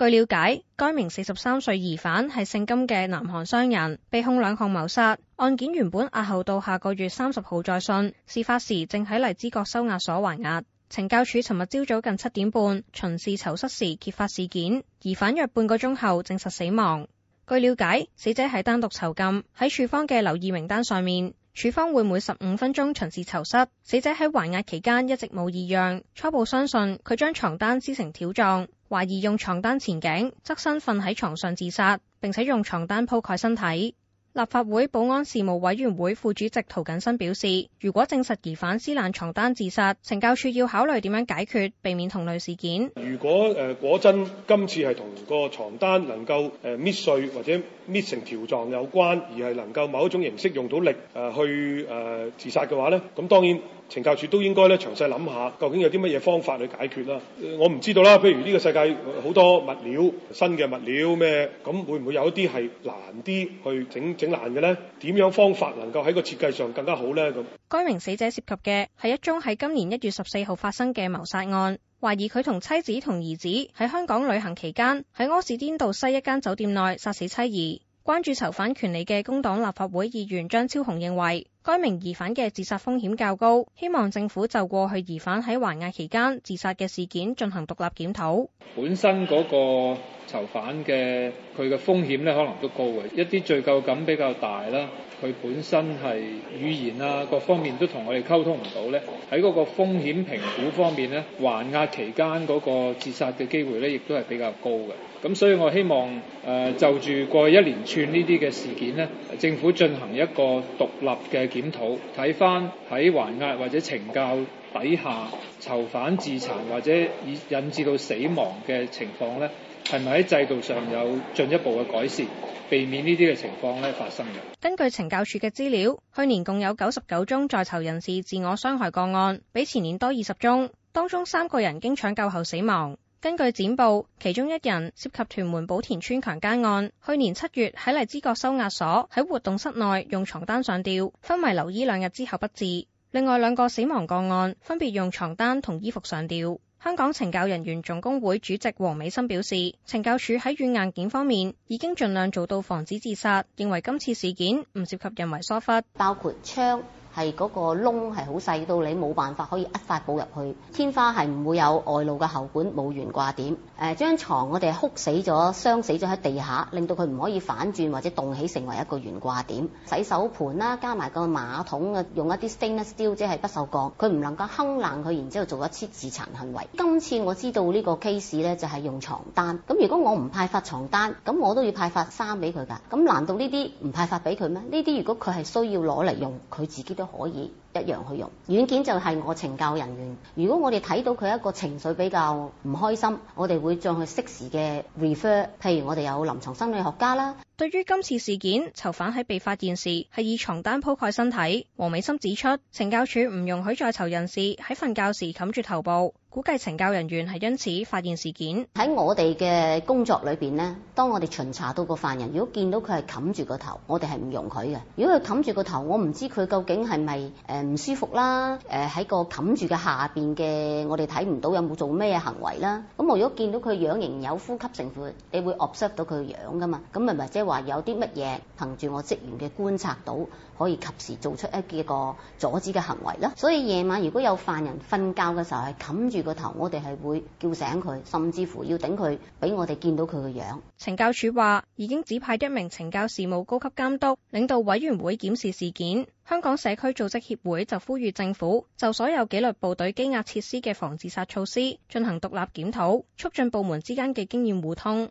據了解，該名四十三歲疑犯係姓金嘅南韓商人，被控兩項謀殺。案件原本押後到下個月三十號再訊，事發時正喺荔枝角收押所還押。懲教署尋日朝早近七點半巡視囚室時揭發事件，疑犯約半個鐘後證實死亡。據了解，死者係單獨囚禁，喺署方嘅留意名單上面。署方會每十五分鐘巡視囚室，死者喺還押期間一直冇異樣，初步相信佢將床單撕成條狀。懷疑用床單纏頸，側身瞓喺床上自殺，並且用床單鋪蓋身體。立法會保安事務委員會副主席涂謹申表示，如果證實疑犯撕爛床單自殺，懲教署要考慮點樣解決，避免同類事件。如果誒、呃、果真今次係同個床單能夠誒搣碎或者搣成條狀有關，而係能夠某一種形式用到力誒去誒自殺嘅話咧，咁當然。懲教署都應該咧詳細諗下，究竟有啲乜嘢方法去解決啦、呃，我唔知道啦。譬如呢個世界好多物料，新嘅物料咩？咁會唔會有一啲係難啲去整整爛嘅呢？點樣方法能夠喺個設計上更加好呢？咁，該名死者涉及嘅係一宗喺今年一月十四號發生嘅謀殺案，懷疑佢同妻子同兒子喺香港旅行期間喺柯士甸道西一間酒店內殺死妻兒。關注囚犯權利嘅工黨立法會議員張超雄認為。該名疑犯嘅自殺風險較高，希望政府就過去疑犯喺還押期間自殺嘅事件進行獨立檢討。本身嗰個囚犯嘅佢嘅風險咧，可能都高嘅，一啲罪疚感比較大啦。佢本身係語言啊各方面都同我哋溝通唔到咧，喺嗰個風險評估方面咧，還押期間嗰個自殺嘅機會咧，亦都係比較高嘅。咁所以我希望誒就住過去一連串呢啲嘅事件咧，政府進行一個獨立嘅檢討睇返喺還押或者懲教底下囚犯自殘或者引致到死亡嘅情況咧，係咪喺制度上有進一步嘅改善，避免呢啲嘅情況咧發生嘅？根據懲教署嘅資料，去年共有九十九宗在囚人士自我傷害個案，比前年多二十宗，當中三個人經搶救後死亡。根據展報，其中一人涉及屯門寶田村強姦案，去年七月喺荔枝角收押所喺活動室內用床單上吊，昏迷留醫兩日之後不治。另外兩個死亡個案分別用床單同衣服上吊。香港懲教人員總工會主席黃美心表示，懲教署喺軟硬件方面已經盡量做到防止自殺，認為今次事件唔涉及人為疏忽，包括槍。係嗰個窿係好細，到你冇辦法可以一塊布入去，天花係唔會有外露嘅喉管，冇懸掛點。誒、呃、張床我哋係哭死咗、傷死咗喺地下，令到佢唔可以反轉或者棟起成為一個懸掛點。洗手盤啦，加埋個馬桶啊，用一啲 stainless steel 即係不鏽鋼，佢唔能夠坑爛佢，然之後做一次自殘行為。今次我知道呢個 case 咧就係用床單，咁如果我唔派發床單，咁我都要派發衫俾佢㗎，咁難道呢啲唔派發俾佢咩？呢啲如果佢係需要攞嚟用，佢自己都。可以。一樣去用軟件就係我懲教人員。如果我哋睇到佢一個情緒比較唔開心，我哋會將佢適時嘅 refer。譬如我哋有臨床心理學家啦。對於今次事件，囚犯喺被發現時係以床單鋪蓋身體。黃美心指出，懲教處唔容許在囚人士喺瞓覺時冚住頭部。估計懲教人員係因此發現事件。喺我哋嘅工作裏邊呢，當我哋巡查到個犯人，如果見到佢係冚住個頭，我哋係唔容許嘅。如果佢冚住個頭，我唔知佢究竟係咪誒。呃唔舒服啦，誒喺個冚住嘅下邊嘅，我哋睇唔到有冇做咩行為啦。咁如果見到佢樣形有呼吸成分，你會 observe 到佢個樣噶嘛？咁咪係即係話有啲乜嘢憑住我職員嘅觀察到，可以及時做出一個阻止嘅行為啦。所以夜晚如果有犯人瞓覺嘅時候係冚住個頭，我哋係會叫醒佢，甚至乎要頂佢俾我哋見到佢個樣。懲教處話已經指派一名懲教事務高級監督領導委員會檢視事件。香港社區組織協會就呼籲政府就所有紀律部隊羈押設施嘅防自殺措施進行獨立檢討，促進部門之間嘅經驗互通。